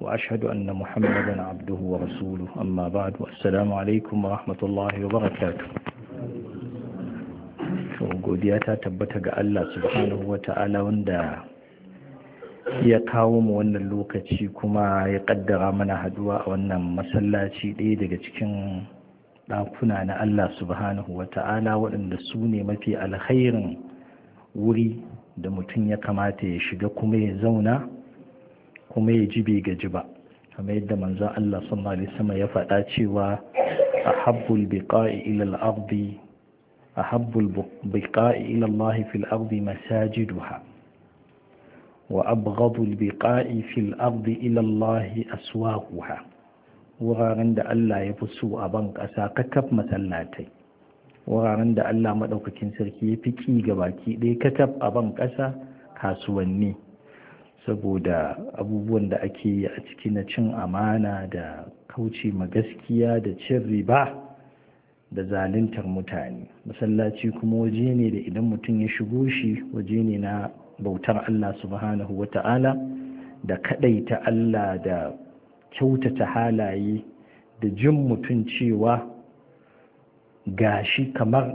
وأشهد أن محمدا عبده ورسوله أما بعد والسلام عليكم ورحمة الله وبركاته godiya ta tabbata ga Allah subhanahu wa ta'ala wanda ya kawo mu wannan lokaci kuma ya kaddara mana haduwa a wannan masallaci ɗaya daga cikin ɗakuna na Allah subhanahu wa ta'ala waɗanda su ne mafi alkhairin wuri da mutum ya kamata ya shiga kuma ya zauna kuma ya ji bai gaji ba kamar yadda manzo Allah sallallahu alaihi wasallam ya faɗa cewa ahabbul biqa'i ila al-ardi ahabbul biqa'i ila Allah fil ardi masajiduha wa abghadul biqa'i fil ardi ila Allah aswaquha wuraren da Allah ya fi so a ban ƙasa katab masallatai wuraren da Allah maɗaukakin sarki ya fi ƙi ga baki ɗaya katab a ban ƙasa kasuwanni saboda abubuwan da ake yi a ciki na cin amana da kauce ma gaskiya da cin riba da zaluntar mutane masallaci kuma waje ne da idan mutum ya shigo shi waje ne na bautar Allah subhanahu wa ta'ala da kadaita Allah da kyautata halaye da jin mutum cewa gashi kamar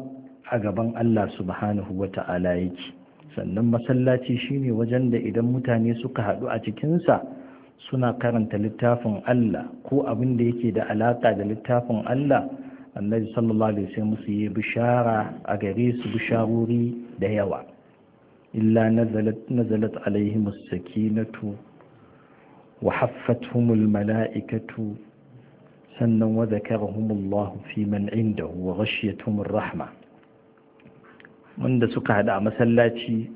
a gaban Allah subhanahu wa ta'ala yake sannan masallaci shine wajen da idan mutane suka haɗu a cikinsa suna karanta littafin Allah ko abin da yake da alaƙa da littafin Allah annabi sallallahu alaihi wasallam musu yi bishara a gare su bisharori da yawa illa nazalat nazalat alaihim sakinatu wa haffatuhum malaikatu sannan wa dhakarahum Allah fi man indahu wa ghashiyatuhum ar wanda suka hada a masallaci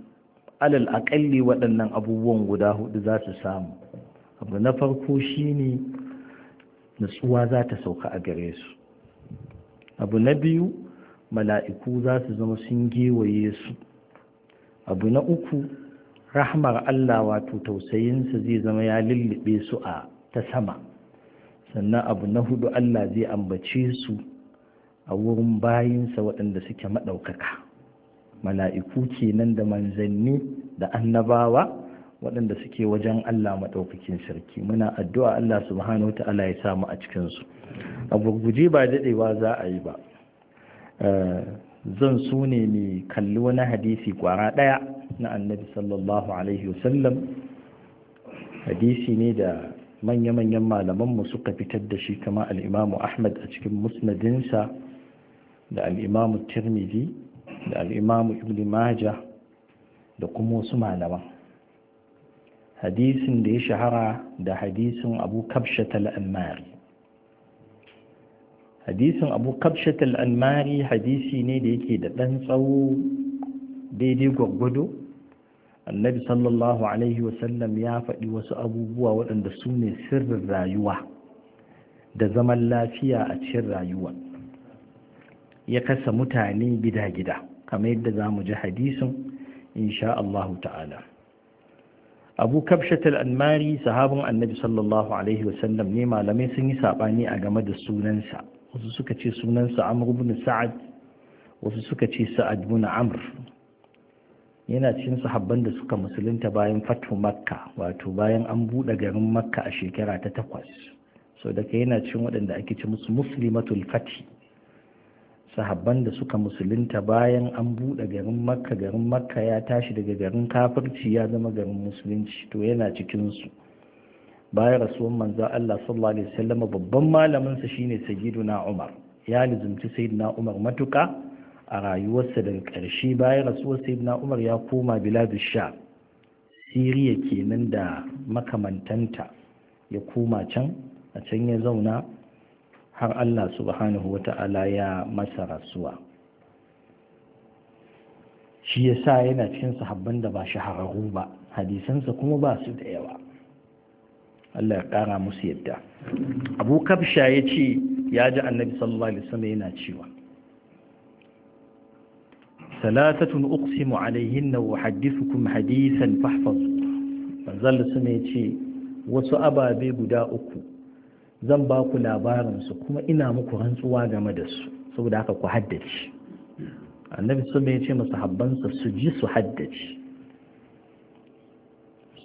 alal akalli waɗannan abubuwan guda hudu za su samu abu na farko shine nutsuwa za ta sauka a gare su abu na biyu mala'iku za su zama sun gewaye su abu na uku rahmar Allah wato tausayinsa zai zama ya lullube su a ta sama sannan abu na hudu Allah zai ambace su a wurin bayinsa waɗanda suke maɗaukaka mala'iku kenan da manzanni da annabawa waɗanda suke wajen Allah maɗaukakin sarki muna addu'a Allah subhanahu ta'ala ya samu a cikinsu a gurguje ba daɗewa za a yi ba eh, zan sune ne mai kalli wani hadisi kwara ɗaya na annabi sallallahu alaihi wasallam hadisi ne da manya-manyan malamanmu suka fitar da shi kama al'imamu ahmad a cikin musnadinsa da al'imamu tirmidhi da al'imamu ibn majah da kuma wasu malaman hadisin da ya shahara da hadisin abu kabshatal al'amari hadisin abu kabshatal al'amari hadisi ne da yake da ɗan tsawo daidai gwaggwado annabi sallallahu alaihi wasallam ya faɗi wasu abubuwa waɗanda su ne sirrin rayuwa da zaman lafiya a cikin rayuwa ya kasa mutane gida-gida kamar yadda za mu ji hadisin insha Allah ta'ala abu kabshatul anmari sahabin annabi sallallahu alaihi wasallam ne malamai sun yi saɓani a game da sunansa wasu suka ce sunansa amr ibn sa'ad wasu suka ce sa'ad ibn amr yana cikin sahabban da suka musulunta bayan fatu makka wato bayan an buɗe garin makka a shekara ta takwas so daga yana cikin waɗanda ake ce musu muslimatul fatih sahabban da suka musulunta bayan an buɗe garin makka garin makka ya tashi daga garin kafirci ya zama garin musulunci to yana cikinsu bayan rasuwan manzo Allah sallallahu alaihi wasallam babban malamin sa shine sayyiduna Umar ya lizumci sayyiduna Umar matuka a rayuwarsa daga ƙarshe bayan rasuwar sayyiduna Umar ya koma biladu sha Siriya kenan da makamantanta ya koma can a can ya zauna har Allah subhanahu wata'ala ya masa rasuwa shi ya sa yana cikin sahabban da ba shahararru ba hadisansa kuma ba su da yawa Allah ya ƙara musu yadda abu kafsha ya ce ya ji annabi sallallahu alaihi wasallam yana cewa salatatun uqsimu alaihinna wa hadithukum hadisan fahfazu manzal sun ya ce wasu ababe guda uku zan ba ku labarinsu kuma ina muku rantsuwa game da su saboda haka ku haddace annabi sun ya ce masu habbansa su ji su haddace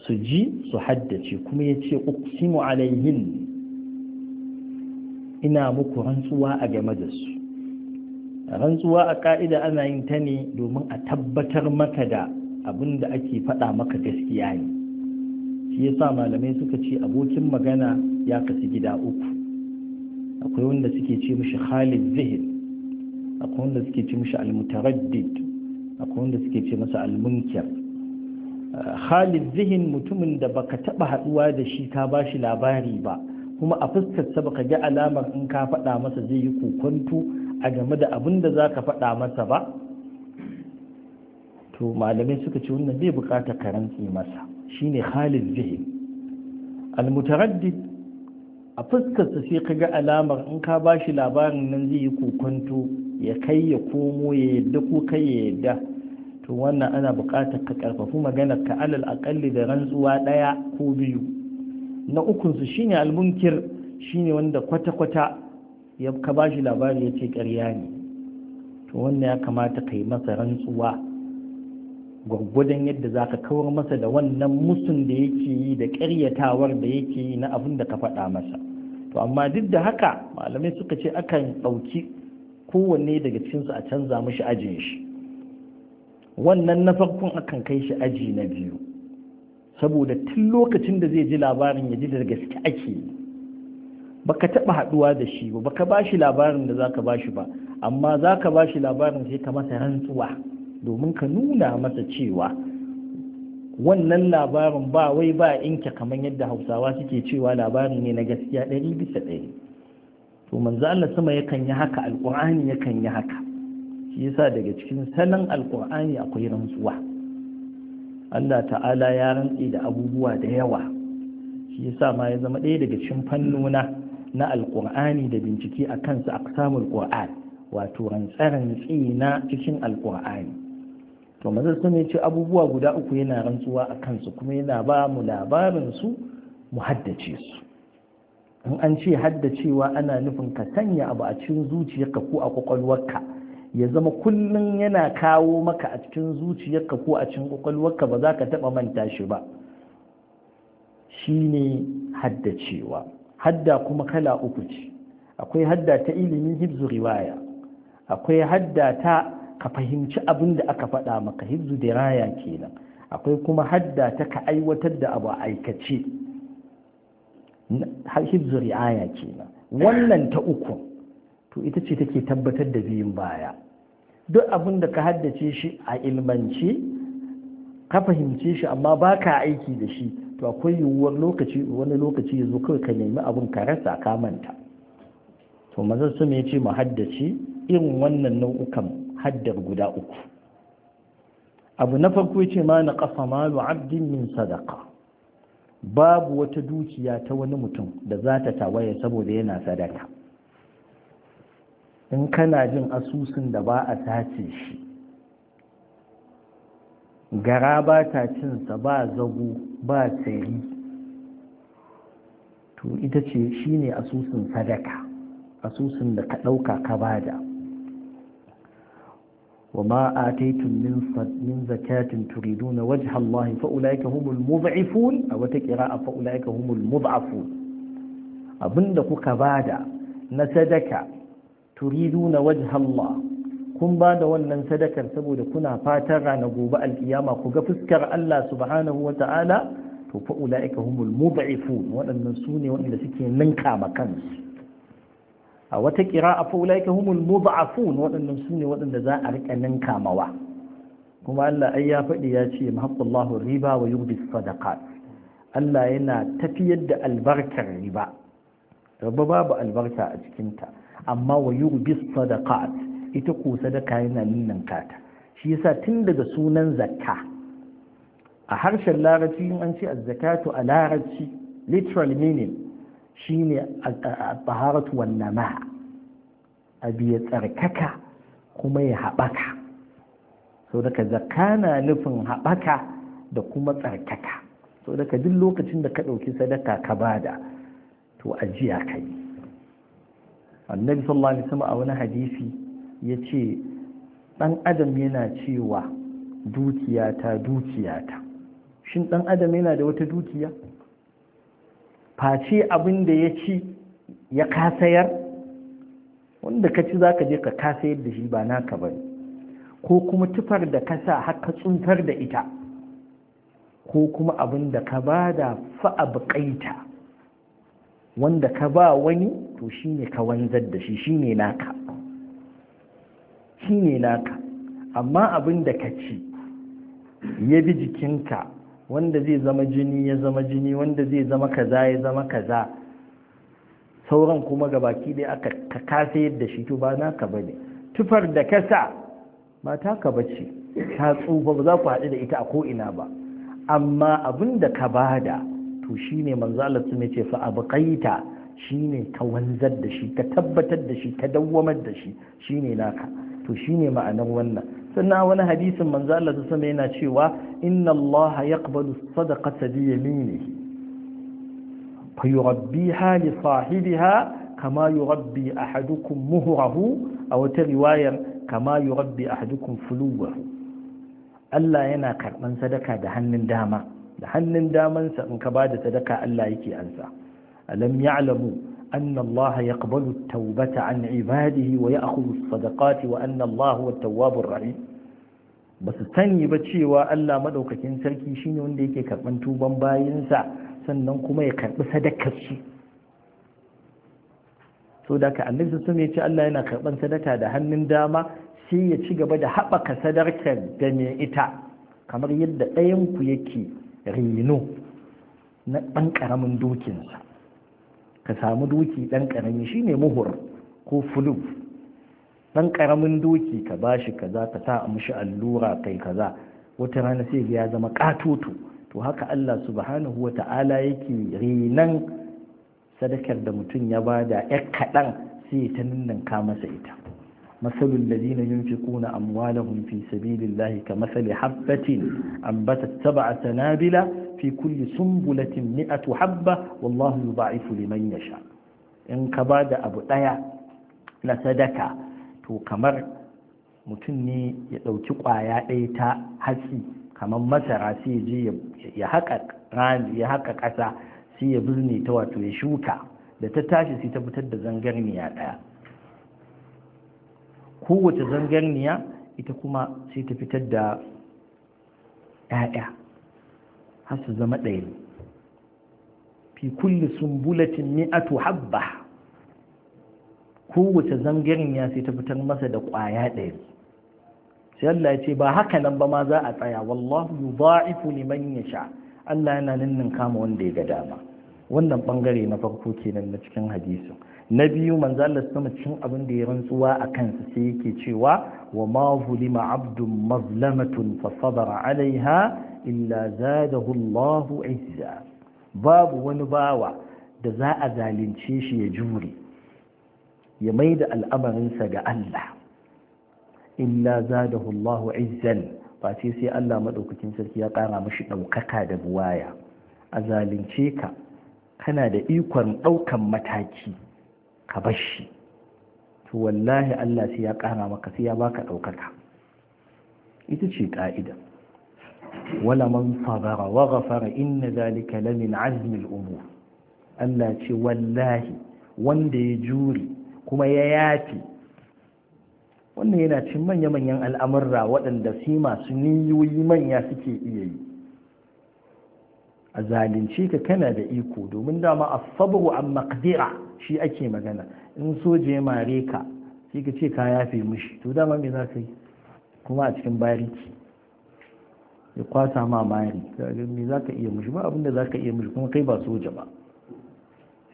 su ji su haddace kuma ya ce uksimu alayhin ina muku rantsuwa a game da su rantsuwa a ka'ida ana yin ta ne domin a tabbatar maka da abin da ake faɗa maka gaskiya ne shi yasa malamai suka ce abokin magana ya kasu gida uku akwai wanda suke ce mishi khalid zihin akwai wanda suke ce mishi almutaraddid akwai wanda suke ce masa almunkir ah, khalid zihin mutumin da baka taba haduwa da shi ka shi labari ba kuma a fuskarsa baka ga alamar in ka faɗa masa zai yi kokonto a game da abin da za ka faɗa masa ba to malamai suka ce wannan bai ka rantse masa shine khalid jihim almutaraddid a fuskarsa sai ka ga alamar in ka ba shi labarin nan zai yi kokonto ya kai ya komo ya yadda ko kai ya yadda to wannan ana buƙatar ka ƙarfafi maganar ka alal aƙalli da rantsuwa ɗaya ko biyu na ukunsu shine almunkir shine wanda kwata-kwata ya ka ba shi labari ya ce ƙarya ne to wannan ya kamata ka yi masa rantsuwa gwargwadon yadda za ka kawar masa da wannan musun da yake yi da ƙaryatawar da yake yi na abin da ka faɗa masa to amma duk da haka malamai suka ce akan ɗauki kowanne daga cikinsu a canza mashi ajin shi wannan na farkon akan kai shi aji na biyu saboda tun lokacin da zai ji labarin ya ji da gaske ake yi baka taɓa haɗuwa da shi ba baka ba shi labarin da zaka ba shi ba amma zaka ba shi labarin sai ka masa rantsuwa domin ka nuna masa cewa wannan labarin ba wai ba inke kamar yadda hausawa suke cewa labarin ne na gaskiya ɗari bisa ɗari to manzo Allah sama yakan yi haka ya yakan yi haka shi yasa daga cikin salon alqur'ani akwai rantsuwa Allah ta'ala ya rantsi da abubuwa da yawa shi yasa ma ya zama ɗaya daga cikin fannona na alqur'ani da bincike a kansa aqsamul qur'an wato rantsaren na cikin alqur'ani to manzon sun ya ce abubuwa guda uku yana rantsuwa a kansu kuma yana ba mu labarin su mu haddace su in an ce haddacewa ana nufin ka sanya abu a cikin zuciyarka ko a kwakwalwarka ya zama kullum yana kawo maka a cikin zuciyarka ko a cikin kwakwalwarka ba za ka taɓa manta shi ba Shi ne haddacewa hadda kuma kala uku ce akwai hadda ta ilimin hibzu riwaya akwai hadda ta ka fahimci abin da aka faɗa maka hibzu diraya kenan akwai kuma hadda ta ka aiwatar da abu a aikace hibzu riaya kenan wannan ta uku to ita ce take tabbatar da biyun baya duk abin da ka haddace shi a ilmance ka fahimce shi amma ba ka aiki da shi to akwai yiwuwar lokaci wani lokaci ya zo kawai ka nemi abin ka rasa ka manta to mazan su ya ce mu haddace irin wannan nau'ukan haddar guda uku abu na farko ce ma na ƙasa malu abdin min sadaka babu wata dukiya ta wani mutum da za ta tawaye saboda yana sadaka in kana jin asusun da ba a sace shi gara ba ta cinsa ba zago ba tsari to ita ce shine asusun sadaka asusun da ka ɗauka ka bada وما آتيتم من من زكاة تريدون وجه الله فأولئك هم المضعفون أو تقراء فأولئك هم المضعفون أبن دقوك بعد نسدك تريدون وجه الله kun ba wannan sadakar saboda kuna fatan rana gobe alkiyama ku ga fuskar Allah subhanahu to fa ula'ika humul mud'ifun waɗannan waɗanda suke ninka ma kansu a wata a fa ulaika humul mudha'afun waɗannan su ne waɗanda za a riƙa ninka mawa kuma Allah ai ya faɗi ya ce mahaqqullahu riba wa yubdi sadaqat Allah yana tafiyar da albarkar riba riba babu albarka a cikinta amma wa yubdi sadaqat ita ko sadaka yana ninninka ta shi yasa tun daga sunan zakka a harshen larabci in an ce az-zakatu a larabci literal meaning shine taharatu wan nama abi ya tsarkaka kuma ya haɓaka sau daga zakka na nufin haɓaka da kuma tsarkaka sau daga duk lokacin da ka ɗauki sadaka ka bada to ajiya Kai. yi annabi sallallahu alaihi wasallam a wani hadisi ya ce ɗan adam yana cewa dukiyata dukiyata shin ɗan adam yana da wata dukiya face abin da ya ci ya kasayar wanda ka ci za ka je ka kasayar da shi ba naka ba ko kuma tufar da ka sa har ka tsuntar da ita ko kuma abin da ka ba da fa'abƙaita wanda ka ba wani to shi ne ka wanzar da shi shi ne naka shi ne naka amma abin da ka ci ya bi jikinka wanda zai zama jini ya zama jini wanda zai zama kaza ya zama kaza sauran kuma ga baki dai aka ka kasa yadda shi to ba naka bane tufar da ka sa ba ka bace ta tsufa ba za ku haɗu da ita a ko ina ba amma abin da ka bada to shine manzo Allah sun ce fa abqaita shine ka wanzar da shi ka tabbatar da shi ka dawwamar da shi shine naka to shine ma'anar wannan sannan wani hadisin manzo Allah sama yana cewa inna Allah yaqbalu sadaqata bi yaminihi fa yurabbiha li sahibiha kama yurabbi ahadukum muhrahu a wata riwayar kama yurabbi ahadukum fuluwahu Allah yana karban sadaka da hannun dama da hannun damansa in ka bada sadaka Allah yake ansa alam ya'lamu أن الله يقبل التوبة عن عباده ويأخذ الصدقات وأن الله هو التواب الرحيم بس تاني بتشي وألا مدوك كنسر كيشين ونديك كربان توبا باينسا سننكم يكرب صدقاتي so da ka annabi sun ya ce Allah yana karɓar sadaka da hannun dama sai ya ci gaba da haɓaka sadarkar da mai ita kamar yadda ɗayan ku yake reno na ɗan ƙaramin dokinsa ka samu doki ɗan ƙarami shine muhur ko fulub ɗan ƙaramin doki ka bashi kaza ka sa mishi allura kai kaza wata rana sai ya zama ƙatoto to haka Allah subhanahu wa ta'ala yake renan sadakar da mutum ya bada 'yar kaɗan sai ta ka masa ita مثل الذين ينفقون أموالهم في سبيل الله كمثل حبة أنبتت سبع سنابل في كل سنبلة مئة حبة والله يضاعف لمن يشاء إن كباد أبو تايا لسدكا تو كمر mutumni ya ɗauki ƙwaya ɗaya ta hatsi kamar masara sai ya je ya haka ya haka ƙasa sai ya birni ta wato ya shuka da ta tashi sai ta fitar da zangarniya ɗaya kowace zangarniya ita kuma sai ta fitar da ‘ya'ya har su zama ɗaya fi kulli sumbulatin mi'atu habba kowace zangarniya sai ta fitar masa da ƙwaya ɗaya sai Allah ya ce ba haka nan ba ma za a tsaya wallahu man liman sha, Allah yana nan kama wanda ya ga dama wannan bangare na farko kenan na cikin hadisu. na biyu manzo Allah sama cin abin da ya rantsuwa a kansa sai yake cewa wa ma zulima abdun mazlamatun fa sabara alaiha illa zadahu Allah izza babu wani bawa da za a zalunce shi ya jure ya mai da al'amarinsa ga Allah illa zadahu Allah izzan face sai Allah madaukakin sarki ya kara mashi daukaka da buwaya a zalunce ka kana da ikon ɗaukan mataki ka bar shi to wallahi Allah sai ya ƙara maka sai ya baka ɗaukaka ita ce ƙa'ida wala man sabara wa ghafara inna zalika lamin azmi al-umur Allah ce wallahi wanda ya jure kuma ya yafi wannan yana cin manya-manyan al'amurra waɗanda su masu niyoyi manya suke iya yi a zalunce ka kana da iko domin dama a sabu an makdira shi ake magana in soja ya mare ka sai ka ce ka yafe mishi to dama me za ka yi kuma a cikin bariki ya kwasa ma mari me za ka iya mishi ba abinda za ka iya mishi kuma kai ba soja ba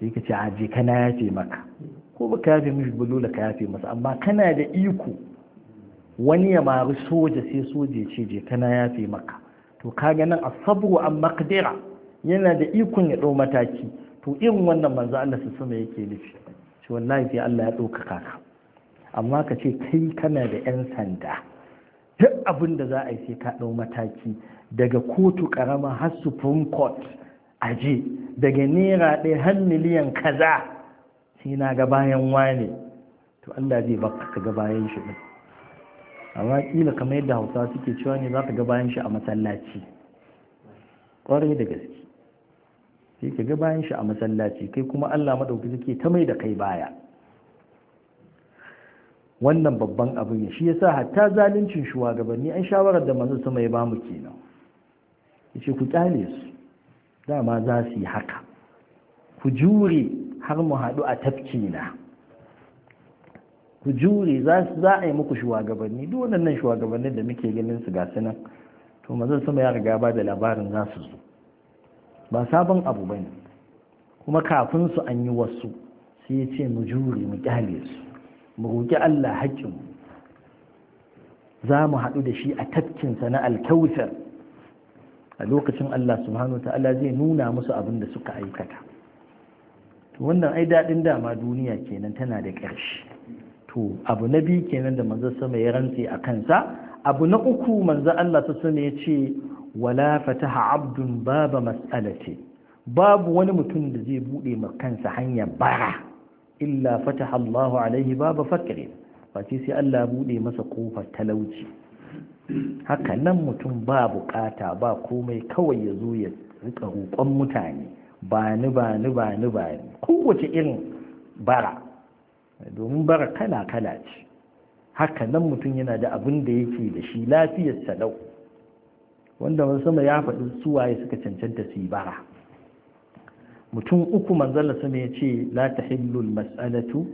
sai ka ce aje kana yafe maka ko ba ka yafe mishi ba dole ka yafe masa amma kana da iko wani ya mari soja sai soja ce je kana yafe maka to kaga nan asabu an makdira yana da ikon ya ɗau mataki to irin wannan manzo Allah su sama yake nufi shi wallahi sai Allah ya ɗaukaka ka amma ka ce kai kana da ƴan sanda duk abin da za a yi sai ka ɗau mataki daga kotu ƙarama har supreme court aje daga naira ɗaya har miliyan kaza sai na ga bayan wane to Allah zai baka ka ga bayan shi ɗin amma kila kamar yadda hausawa suke cewa ne za ka ga bayan shi a masallaci ƙwarai da gaske sai ka ga bayan shi a masallaci kai kuma Allah madauki suke ta mai da kai baya wannan babban abu ne shi yasa hatta zaluncin shugabanni an shawarar da manzo sama ya ba mu kenan yace ku kyale su dama za su yi haka ku jure har mu haɗu a tafki na ku jure za a yi muku shugabanni duk waɗannan shugabannin da muke ganin su ga sunan to manzo sama ya riga ba da labarin za su zo ba sabon abu ba ne kuma kafin su an yi wasu sai ya ce mu jure mu kyale su mu roƙi Allah haƙƙin za mu haɗu da shi a tafkinsa na alkautar a lokacin Allah subhanahu wa ta'ala zai nuna musu abin da suka aikata wannan ai daɗin dama duniya kenan tana da ƙarshe to abu na biyu kenan da manzo sama ya rantse a kansa abu na uku manzo Allah ta sama ya ce wala fataha abdun baba mas'alati babu wani mutum da zai bude ma kansa hanya bara illa fataha Allahu alaihi baba fakri face sai Allah bude masa kofar talauci haka nan mutum ba bukata ba komai kawai ya zo ya rika roƙon mutane ba ni ba ni ba ni ba ni kowace irin bara domin bara kala kala ce haka nan mutum yana da abin da yake da shi lafiyar salau wanda wani sama ya faɗi suwaye suka cancanta su yi bara mutum uku manzala sama ya ce la ta hillul mas'alatu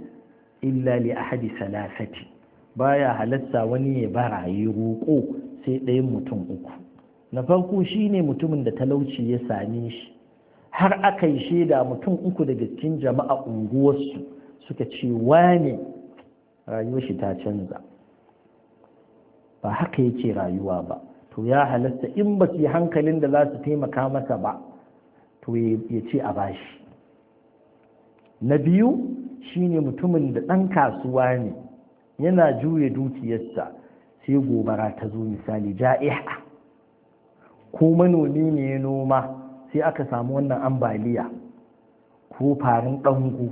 illa li ahadi salasati baya halatta wani ya bara ya roƙo sai ɗaya mutum uku na farko shi ne mutumin da talauci ya same shi har aka yi shaida mutum uku daga cikin jama'a unguwarsu suka ce wane rayuwar shi ta canza ba haka yake rayuwa ba to ya halatta in ba su yi hankalin da za su taimaka masa ba to ya ce a bashi na biyu shine mutumin da ɗan kasuwa ne yana juya dukiyarsa sai gobara ta zo misali ja'iha ko manomi ne ya noma sai aka samu wannan ambaliya ko farin ɗangu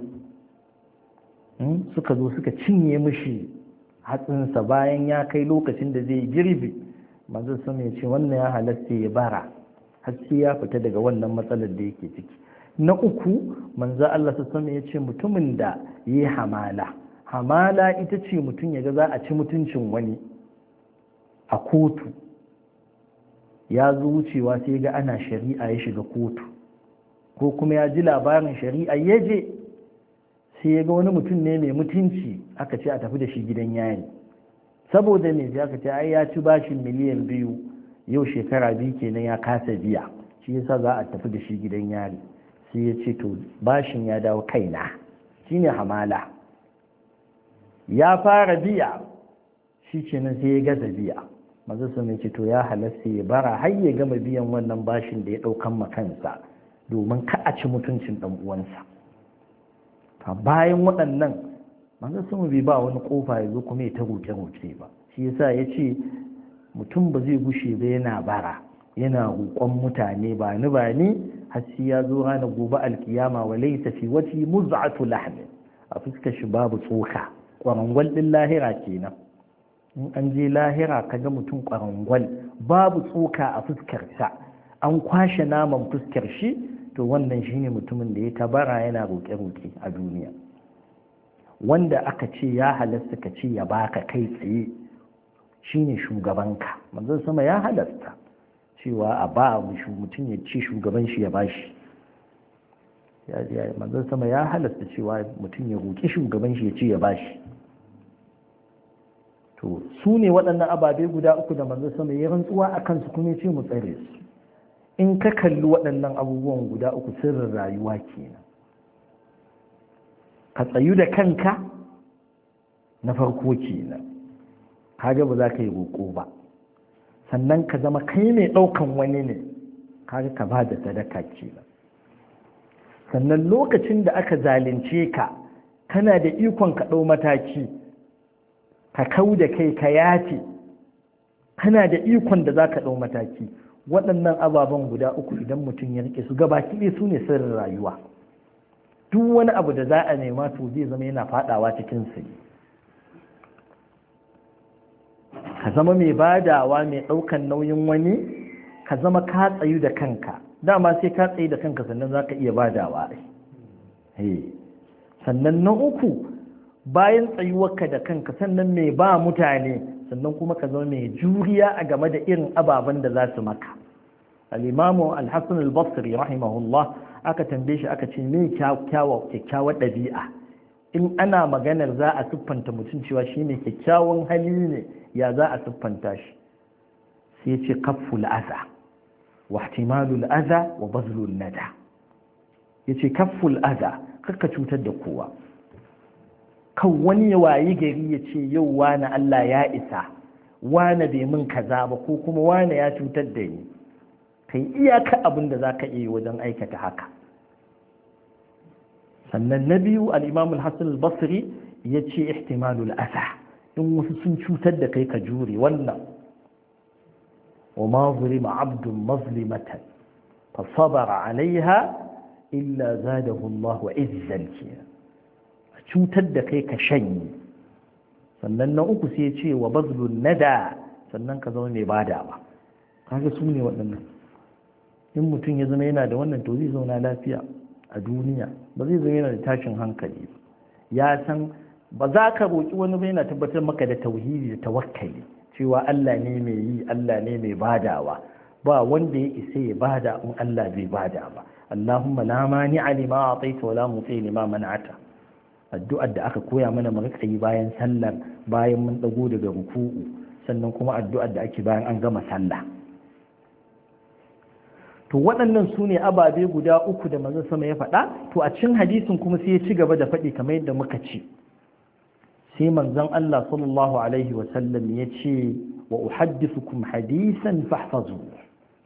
hmm? suka zo suka cinye mishi hatsinsa bayan ya kai lokacin da zai girbi manzon sun ya ce wannan ya halatta ya bara haske ya fita daga wannan matsalar da yake ciki na uku manzo Allah sama ya ce mutumin da yi hamala hamala ita ce mutum ya ga za a ci mutuncin wani a kotu ya zo wucewa sai ya ga ana shari'a ya shiga kotu ko kuma ya ji labarin shari'a ya je sai ya ga wani mutum ne mai mutunci aka ce a tafi da shi gidan yari saboda ne za ka ce ai ya ci bashin miliyan biyu yau shekara biyu kenan ya kasa biya shi yasa za a tafi da shi gidan yari sai ya ce to bashin ya dawo kaina shine hamala ya fara biya shi kenan sai ya gaza biya maza su ce to ya halasta ya bara har ya gama biyan wannan bashin da ya ɗaukan ma kansa. domin ka a ci mutuncin ɗan uwansa bayan waɗannan manzo sun bi ba wani kofa ya zo kuma ya ta roke roƙe ba shi yasa ya ce mutum ba zai gushe ba yana bara yana roƙon mutane ba ni ba ni har ya zo rana gobe alkiyama wa laisa fi wati muz'atu lahm a fuskar shi babu tsoka kwarangwal din lahira kenan in an je lahira kaga mutum kwarangwal babu tsoka a fuskar sa an kwashe naman fuskar shi to wannan shine mutumin da ya tabara yana roƙe-roƙe a duniya wanda aka ce ya halasta ka ce ya baka kai tsaye shine shugabanka manzon sama ya halasta cewa a ba mutum ya ce shugaban shi ya bashi manzon sama ya halasta cewa mutum ya roƙi shugaban shi ya ce ya bashi to su ne waɗannan ababe guda uku da manzon sama ya rantsuwa a kansu kuma ya ce mu tsare su in ka kalli waɗannan abubuwan guda uku sirrin rayuwa kenan ka tsayu da kanka na farko kenan kaga ba za ka yi roƙo ba sannan ka zama kai mai ɗaukan wani ne kaga ka ba da sadaka kenan sannan lokacin da aka zalunce ka kana da ikon ka ɗau mataki ka kau da kai ka yace kana da ikon da za ka ɗau mataki waɗannan ababen guda uku idan mutum ya rike su gabaki ɗaya su ne sirrin rayuwa duk wani abu da za a nema to zai zama yana fadawa cikin su ka zama mai badawa mai ɗaukan nauyin wani ka zama ka tsayu da kanka dama sai ka tsayu da kanka sannan za ka iya badawa eh. sannan na uku bayan tsayuwarka da kanka sannan mai ba mutane sannan kuma ka zama mai juriya a game da irin ababen da za su maka al-imamu al-hassan al-basri rahimahullah aka tambaye shi aka ce me kyakkyawar ɗabi'a in ana maganar za a siffanta mutum cewa shi ne kyakkyawan hali ne ya za a siffanta shi sai ce kafful aza wa ihtimalul aza wa bazlul nada ce kafful aza kakka cutar da kowa kan wani ya wayi gari ya ce yau wani Allah ya isa wani bai min kaza ba ko kuma wani ya cutar da ni kai iyaka abin da za ka iya wajen aikata haka sannan na biyu al'imamul hassan basri ya ce ihtimalul asa in wasu sun cutar da kai ka jure wannan wa ma zulima abdun mazlimatan fa sabara alaiha illa zadahu wa izzan a cutar da kai ka shanye sannan na uku sai ce wa bazlun nada sannan ka zama badawa kaga su ne waɗannan in mutum ya zama yana da wannan to zai zauna lafiya a duniya ba zai zama yana da tashin hankali ya san ba za ka roƙi wani ba yana tabbatar maka da tauhidi da tawakkali cewa Allah ne mai yi Allah ne mai badawa ba wanda ya isa ya bada in Allah bai bada ba Allahumma la mani ma ataita wala muti ma man'ata addu'ar da aka koya mana mu rika yi bayan sallar bayan mun dago daga ruku'u sannan kuma addu'ar da ake bayan an gama sallah to waɗannan su ne ababe guda uku da mazan sama ya faɗa to a cikin hadisin kuma sai ya ci gaba da faɗi kamar yadda muka ci. sai manzon Allah sallallahu alaihi wa sallam ya ce wa uhaddithukum hadisan fahfazu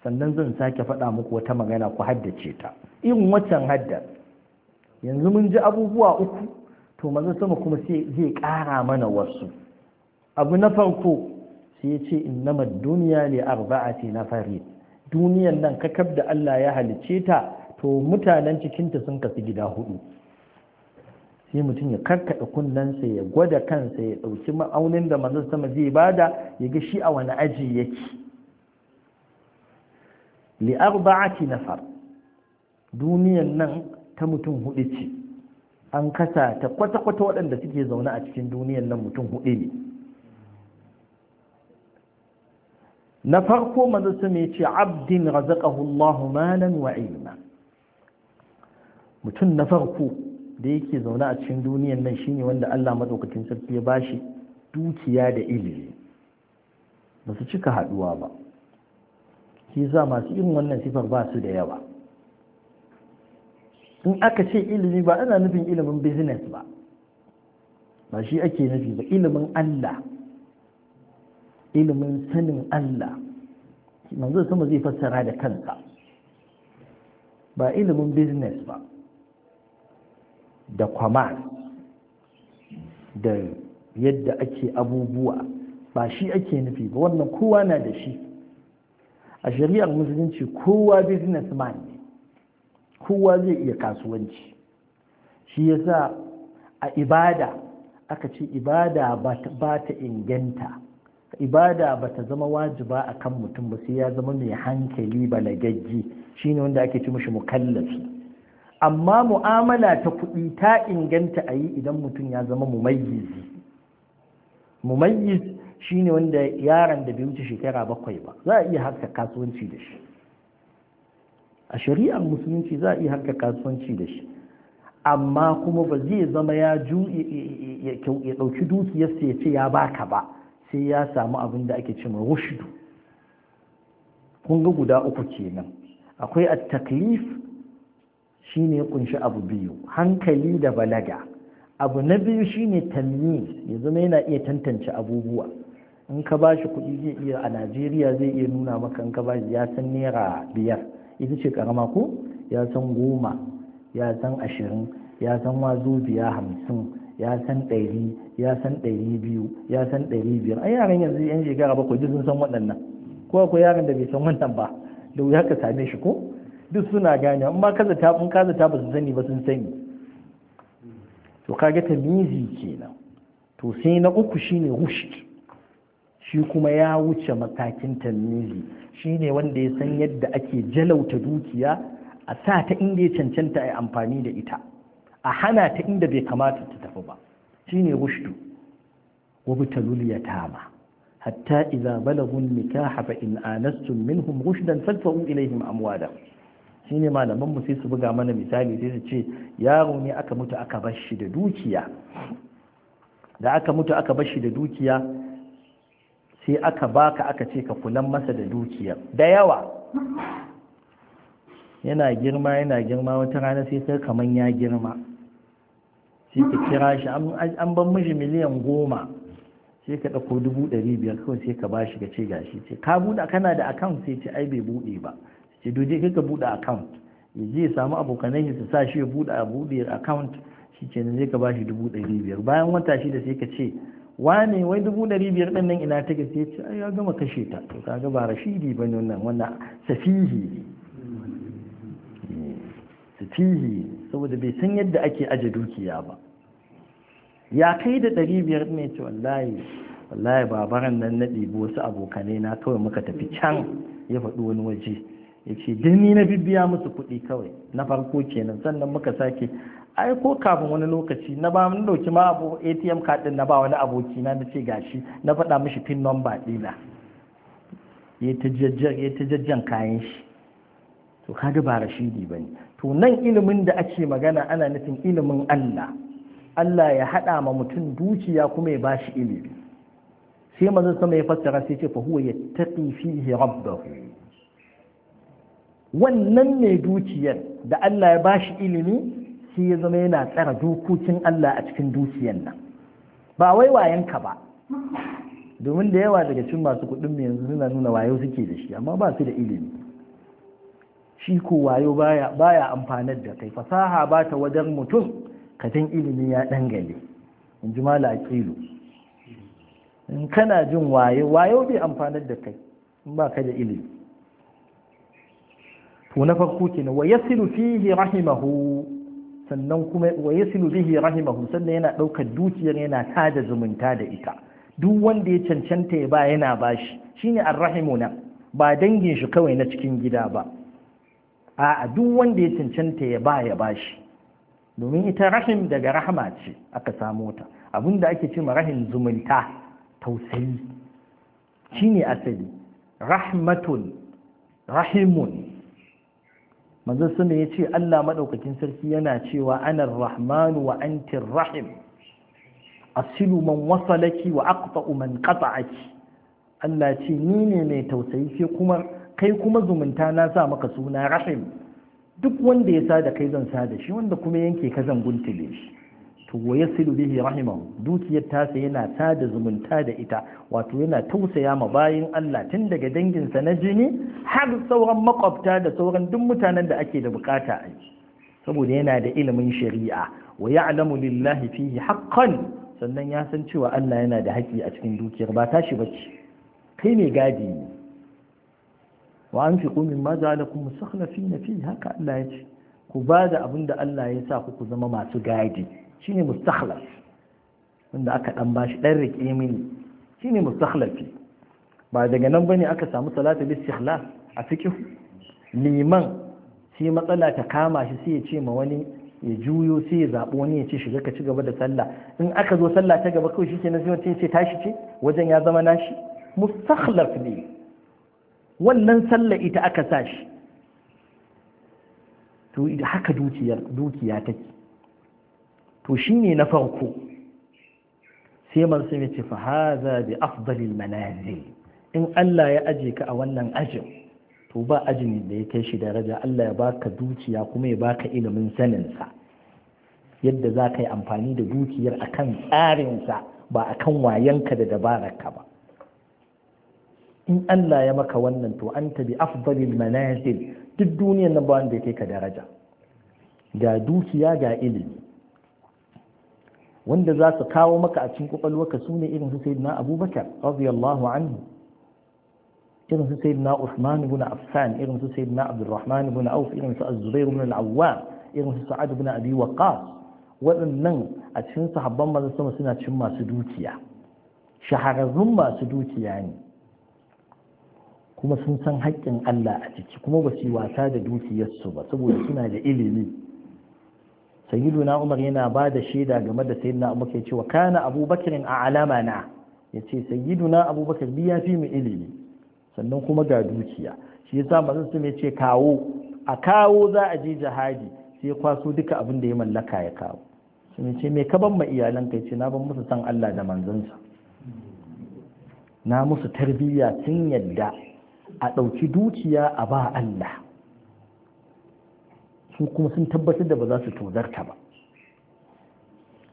sannan zan sake faɗa muku wata magana ku haddace ta in waccan haddar yanzu mun ji abubuwa uku to mazan sama kuma sai zai ƙara mana wasu abu na farko sai ya ce innamad duniya li arba'ati nafarin duniyan nan kakab da Allah ya halice ta to mutanen cikinta sun kasu gida hudu sai mutum ya karkada kunnensa ya gwada kansa ya ɗauki ma'aunin da manzon sama zai bada ya ga shi a wani aji yake li arba'ati nafar duniyan nan ta mutum hudu ce an kasa ta kwata-kwata waɗanda suke zaune a cikin duniyan nan mutum hudu ne na farko manzo sun mai ce abdin razaqahu Allahu malan wa ilma mutum na farko da yake zaune a cikin duniyar nan shine wanda Allah madaukakin sarki ya bashi dukiya da ilimi ba su cika haduwa ba shi yasa masu irin wannan sifar ba su da yawa in aka ce ilimi ba ana nufin ilimin business ba ba shi ake nufi ba ilimin Allah ilimin sanin Allah manzo sama zai fassara da kansa ba ilimin business ba da kwamar da yadda ake abubuwa ba shi ake nufi ba wannan kowa na da shi a shari'ar musulunci kowa business man ne kowa zai iya kasuwanci shi yasa a ibada aka ce ibada ba ta inganta ibada ba ta zama wajiba a kan mutum ba sai ya zama mai hankali balagaggi shine wanda ake ci mashi mukallafi amma mu'amala ta kuɗi ta inganta a yi idan mutum ya zama mumayyizi mumayyiz shine wanda yaron da bai wuce shekara bakwai ba za a iya harka kasuwanci da shi a shari'ar musulunci za a iya harka kasuwanci da shi amma kuma ba zai zama ya ju ya ɗauki dukiyarsa ya ce ya baka ba sai ya samu abin da ake cewa rushdu kun ga guda uku kenan akwai at-taklif shine ya kunshi abu biyu hankali da balaga abu na biyu shine tanmi ya zama yana iya tantance abubuwa in ka ba shi kuɗi zai iya a najeriya zai iya nuna maka in ka ba shi ya san naira biyar ita ce karama ko ya san goma ya san ashirin ya san wazo biya hamsin ya san ɗari ya san ɗari biyu ya san ɗari biyar ai yaran yanzu yan shekara bakwai duk sun san waɗannan ko akwai yaran da bai san wannan ba da wuya ka same shi ko duk suna gane in ba kaza ta in kaza ta ba su sani ba sun sani to kaga tamizi kenan to sai na uku shine rushd shi kuma ya wuce matakin tamizi shine wanda ya san yadda ake jalauta dukiya a sa ta inda ya cancanta a yi amfani da ita a hana ta inda bai kamata ta tafi ba shine rushdu wa butalul yatama hatta idza balagun nikah fa in anastum minhum rushdan fadfa'u ilaihim amwalahum shine malaman mu sai su buga mana misali sai su ce yaro ne aka mutu aka bar shi da dukiya da aka mutu aka bar shi da dukiya sai aka baka aka ce ka kula masa da dukiya da yawa yana girma yana girma wata rana sai sai kaman ya girma sai ka kira shi an ban mishi miliyan goma sai ka ɗauko dubu ɗari biyar kawai sai ka ba shi ka ce shi ce ka buɗe kana da account sai ce ai bai buɗe ba ce doje kai ka buɗe account ya je ya samu abokanai su sa shi ya buɗe a buɗe account shi ce zai ka ba shi dubu ɗari biyar bayan wata shida sai ka ce wane wai dubu ɗari biyar ɗin nan ina ta sai ce ai ya gama kashe ta to kaga ba rashidi ba wannan wannan safihi ne eh, safihi saboda bai san yadda ake aje dukiya ba ya kai da ɗari biyar ne ce wallahi wallahi babaran nan na ɗibi wasu abokanai na kawai muka tafi can ya faɗi wani waje ya ce ni na bibiya musu kuɗi kawai na farko kenan sannan muka sake ai ko kafin wani lokaci na ba mun dauki ma abu ATM card din na ba wani aboki na ce gashi na faɗa mishi pin number ɗina ya ta jajjan ya ta jajjan kayan shi to kaga ba rashidi bane to nan ilimin da ake magana ana nufin ilimin Allah Allah ya haɗa ma mutum dukiya kuma ya bashi ilimi sai mazan sama ya fassara sai ce fa huwa yattaqi fihi rabbahu wannan mai dukiyar da Allah ya bashi ilimi sai ya zama yana tsara dokokin Allah a cikin dukiyar nan ba wai wayanka ba domin da yawa daga cikin masu kuɗin mu yanzu suna nuna wayo suke da shi amma ba su da ilimi shi ko wayo baya baya amfanar da kai fasaha ba ta wajen mutum katin ilimi ya dangale in ji mala kilo. in kana jin waye wayo bai amfanar da kai in ba ka da ilimi to na farko na waye silu fihi rahimahu sannan kuma waye silu fihi rahimahu sannan yana ɗaukar dukiyar yana tada zumunta da ita duk wanda ya cancanta ya ba yana bashi shine na. ba dangin shi kawai na cikin gida ba a'a duk wanda ya cancanta ya ba ya bashi domin ita rahim daga rahama ce aka samo ta abinda ake ce ma rahim zumunta tausayi shine asali rahmatun rahimun manzo sun ya ce Allah madaukakin sarki yana cewa ana rahmanu wa antir rahim asilu man wasalaki wa aqta'u man qata'aki Allah ce ni ne mai tausayi sai kuma kai kuma zumunta na sa maka suna rahim duk wanda ya sada kai zan sada shi wanda kuma yanke ka zan guntule shi to wa yasilu bihi rahimahu dukiyar tasa yana sada zumunta da ita wato yana tausaya ma bayin Allah tun daga dangin sa na jini har sauran makwabta da sauran duk mutanen da ake da bukata a yi saboda yana da ilimin shari'a wa ya'lamu lillahi fihi haqqan sannan ya san cewa Allah yana da haƙƙi a cikin dukiyar ba tashi bace kai ne gadi ne wa an fi kumin ma za da kuma fi na fi haka Allah ya ce ku ba da abin da Allah ya sa ku zama masu gadi shi ne mustakhlaf wanda aka ɗan bashi ɗan riƙe mini shi ne mustakhlafi ba daga nan ba ne aka samu salatu listikhlaf a fikihu liman sai matsala ta kama shi sai ya ce ma wani ya juyo sai ya zaɓi wani ya ce shiga ka ci gaba da sallah in aka zo sallah ta gaba kawai shi ke na sai tashi ce wajen ya zama nashi mustakhlaf ne wannan sallar ita aka sa shi to haka dukiya take to shine na farko sai masu sun fahaza fa haza bi afdalil manazil in Allah ya aje ka a wannan ajin to ba ajin da ya kai shi daraja Allah ya baka dukiya kuma ya baka ilimin saninsa yadda za ka yi amfani da dukiyar akan tsarinsa ba akan wayanka da dabararka ba in Allah ya maka wannan to an tabi afdalil manazil duk duniyar nan ba wanda ya kai ka daraja ga dukiya ga ilimi wanda za su kawo maka a cikin kwakwalwarka su ne irin su sayyidina abubakar radiyallahu anhu irin su sayyidina usman ibn affan irin su sayyidina abdurrahman ibn auf irin su az-zubair ibn al-awwam irin su sa'ad ibn abi waqqas waɗannan a cikin sahabban manzon sama suna cin masu dukiya shahararrun masu dukiya ne kuma sun san haƙƙin Allah a ciki kuma ba su yi wasa da dukiyarsu ba saboda suna da ilimi na umar yana ba da shaida game da na umar ya ce wa kana abubakarin a alama na. ya ce na abubakar biya fi mu ilimi sannan kuma ga dukiya shi ya yasa masu su ya ce kawo a kawo za a je jihadi sai ya kwaso duka abin da ya mallaka ya kawo sun ce mai ka ma iyalan kai ce na ban musu san Allah da manzansa na musu tarbiyya tun yadda a ɗauki dukiya a ba Allah su kuma sun tabbatar da ba za su tozarta ba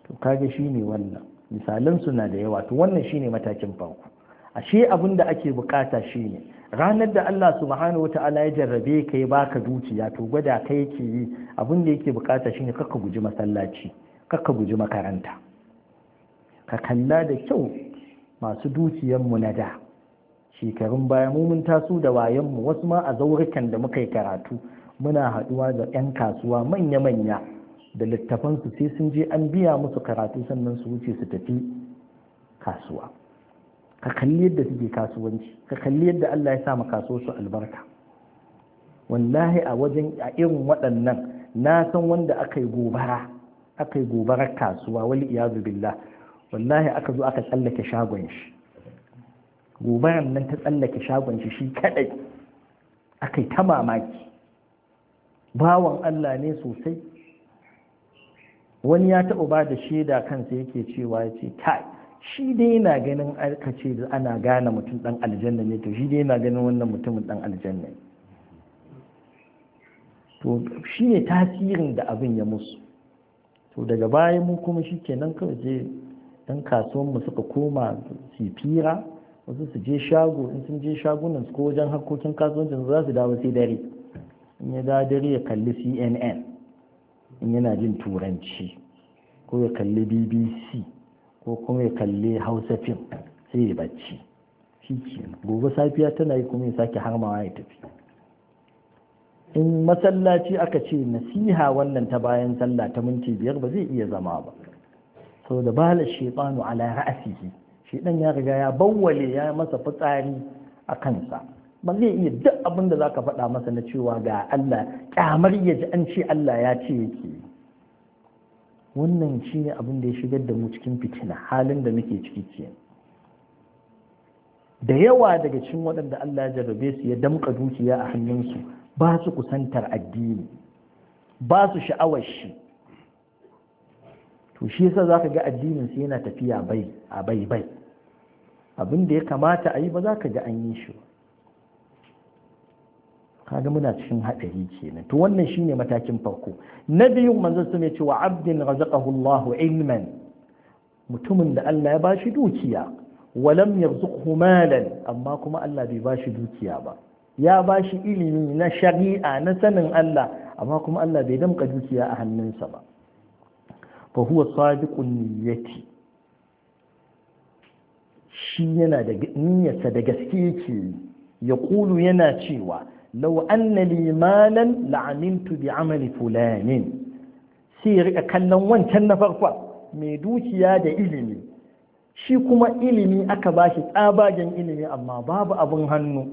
to kaga shi ne wannan misalan suna da yawa to wannan shi ne matakin farko ashe abin da ake bukata shi ne ranar da Allah subhanahu wa ta'ala ya jarrabe ka ya baka dukiya to gwada kai yake yi abin da yake bukata shi ne, kaka guji masallaci kaka guji makaranta ka kalla da kyau masu dukiyar mu na da shekarun baya mu mun taso da wayanmu wasu ma a zaurukan da muka yi karatu muna haɗuwa da 'yan kasuwa manya-manya da littafansu sai sun je an biya musu karatu sannan su wuce su tafi kasuwa ka kalli yadda suke kasuwanci ka kalli yadda Allah ya sa ma su albarka wallahi a wajen a irin waɗannan na san wanda aka yi gobara aka yi gobarar kasuwa wali iyazu billah wallahi aka zo aka tsallake shagon shi gobe nan ta tsallake shagon shi shi kadai aka yi ta mamaki bawan Allah ne sosai wani ya taɓa ba da shaida kansa yake cewa ya ce kai shi dai yana ganin aka ce da ana gane mutum ɗan aljanna ne to shi dai yana ganin wannan mutumin ɗan aljanna ne to shi ne tasirin da abin ya musu to daga baya mu kuma shi kenan kawai je ɗan mu suka koma sifira wasu su je shago in sun je shagunan su ko wajen harkokin kasuwancin za su dawo sai dare in ya da dare ya kalli cnn in yana jin turanci ko ya kalli bbc ko kuma ya kalli hausa fim sai ya bacci shi gobe safiya tana yi kuma ya sake harmawa ya tafi in masallaci aka ce nasiha wannan ta bayan sallah ta minti biyar ba zai iya zama ba saboda bala shaitanu ala ra'asihi ɗan ya riga ya bawwale ya masa fitsari a kansa ba zai iya duk abin da zaka faɗa masa na cewa ga Allah kyamar ya ji an ce Allah ya ce yake wannan shine abin da ya shigar da mu cikin fitina halin da muke ciki kenan da yawa daga cikin waɗanda Allah ya jarrabe su ya damƙa dukiya a hannunsu ba su kusantar addini ba su sha'awar shi to shi yasa ka ga addinin su yana tafiya bai a bai bai abin da ya kamata a yi ba za ka ji an yi shi kaga muna cikin haɗari kenan to wannan shine matakin farko na biyu manzo ya ce wa abdin razaqahu Allahu ilman mutumin da Allah ya bashi dukiya walam yarzuqhu malan amma kuma Allah bai bashi dukiya ba ya bashi ilimi na shari'a na sanin Allah amma kuma Allah bai damka dukiya a hannunsa ba fa huwa sadiqun niyyati shi yana da niyyarsa da gaske yake ya kulu yana cewa lau anna limanan la'amintu bi amali fulanin sai ya rika kallon wancan na farko mai dukiya da ilimi shi kuma ilimi aka ba shi tsabagen ilimi amma babu abin hannu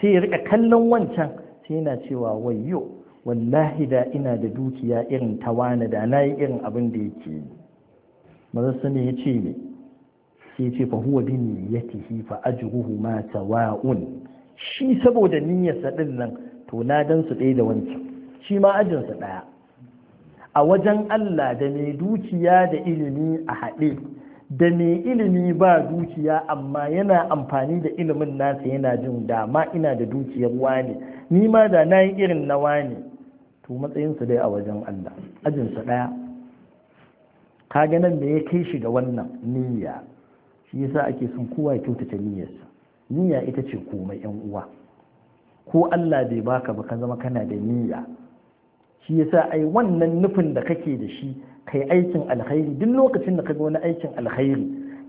sai ya rika kallon wancan sai yana cewa wayyo wallahi da ina da dukiya irin tawana da na yi irin abin da yake yi mazarsa ne ya ce ne sai ce fa huwa bi niyyatihi fa ajruhu ma tawa'un shi saboda niyyarsa din nan to dan su ɗaya da wancan shi ma ajin sa ɗaya a wajen Allah da mai dukiya da ilimi a haɗe da mai ilimi ba dukiya amma yana amfani da ilimin nasa yana jin dama ina da dukiyar wani ni ma da na irin na wani to matsayinsa dai a wajen Allah ajinsa ɗaya ka nan me ya kai shi ga wannan niyya shi yasa ake son kowa ya kyautata niyyarsa niyya ita ce komai yan uwa ko Allah bai baka ba ka zama kana da niyya shi yasa ai wannan nufin da kake da shi kai aikin alkhairi duk lokacin da ka ga wani aikin alkhairi